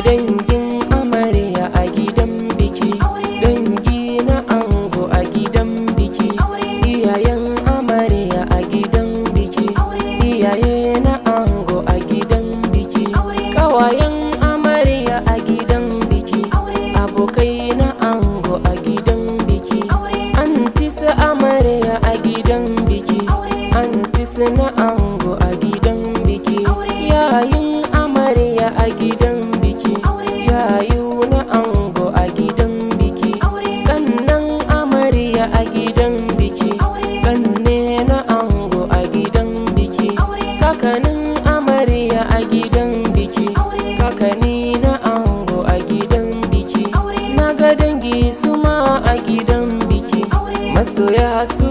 dangin amarya a gidan biki dangi na ango a gidan biki iyayen amarya a gidan biki iyaye na ango a gidan biki kawayen amarya a gidan biki abokai na ango a gidan biki antisa amarya a gidan biki antisa na ango a gidan biki yayin a gidan biki ƙanne na ango a gidan biki kakanin amarya a gidan biki kakani na ango a gidan biki na ga su ma a gidan biki masoya su